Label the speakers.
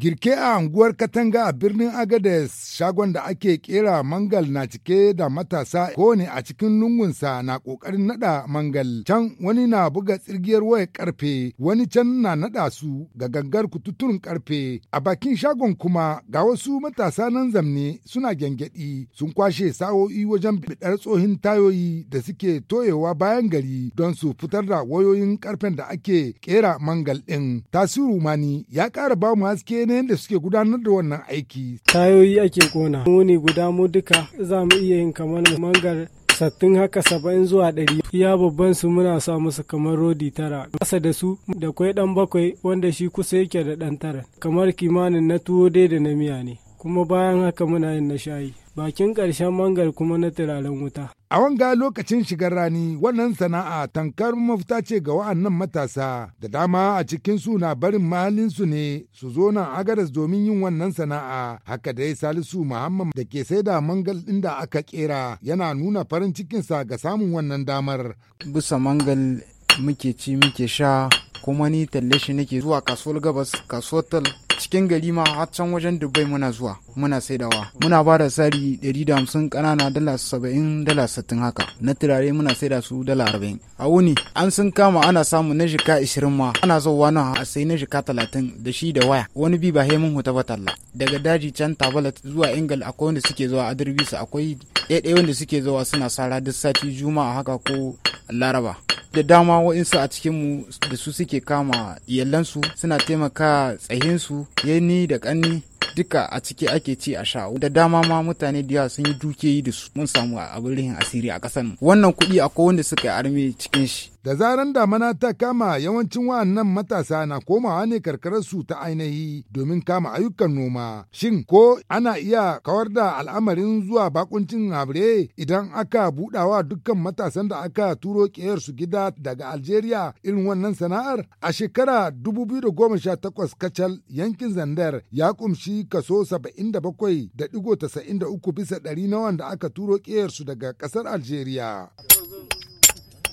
Speaker 1: Girke a anguwar Katanga a birnin Agades shagon da ake kera mangal na cike da matasa kowane a cikin lungunsa na ƙoƙarin nada mangal. Can wani na buga tsirgiyar waya karfe, wani can na nada su ga gangar kututun karfe. A bakin shagon kuma ga wasu matasa nan zamne suna gyangyaɗi sun kwashe sa'o'i wajen bidar tsohin tayoyi da suke toyewa bayan gari don su fitar da wayoyin karfen da ake kera mangal ɗin. Tasiru Mani
Speaker 2: ya ƙara ba mu haske na yadda suke gudanar da wannan aiki. Tayoyi ake kona. Muni guda mu duka za mu iya yin kamar mangar sattin haka saba'in zuwa ɗari ya babban su muna sa musu kamar rodi tara ƙasa da su da kwai ɗan bakwai wanda shi kusa yake da ɗan tara kamar kimanin na tuwo dai da na miya ne kuma bayan haka muna yin na shayi bakin ƙarshen mangar kuma na turaren wuta A wanga lokacin shigar rani wannan
Speaker 1: sana'a tankar mafita ce ga wa'annan matasa da dama a cikin suna barin mahallinsu ne su zo nan agaras domin yin wannan sana'a haka dai Salisu Muhammad da ke sai da mangal inda aka kera yana nuna farin cikinsa ga samun wannan damar. Bisa mangal muke ci muke sha kuma ni talle shi nake zuwa kasuwar gabas
Speaker 3: kasuwar cikin gari ma a can wajen dubai muna zuwa muna saidawa muna ba da sari 150 kanana dala 70 dala 60 haka na turare muna saida su dala 40 a wuni an sun kama ana samu na jika 20 ma ana zuwa nan a sai na jika 30 da shi da waya wani bi ba hemin huta ba talla daga daji can tabalat zuwa ingal akwai wanda suke zuwa adirbisa akwai ɗaya wanda suke zuwa suna sara duk sati juma'a haka ko laraba da dama wa'insu a cikinmu da su suke kama iyalansu suna taimaka tsahinsu yanni da ƙanni duka a ciki ake ci a sha'u. da dama ma mutane
Speaker 1: da yawa sun yi dukiyoyi da su mun samu abin rihin asiri a ƙasar wannan kuɗi akwai wanda suka yi armi cikin shi Da zaran damana ta kama yawancin wa'annan matasa na komawa ne karkararsu ta ainihi domin kama ayyukan noma. Shin ko ana iya kawar da al'amarin zuwa bakuncin habre idan aka budawa dukkan matasan da aka turo su gida daga Algeria irin wannan sana'ar? A shekara 2018 kacal yankin Zandar ya kumshi kaso 77.93 bisa ɗari na wanda aka turo su daga ƙasar Algeria.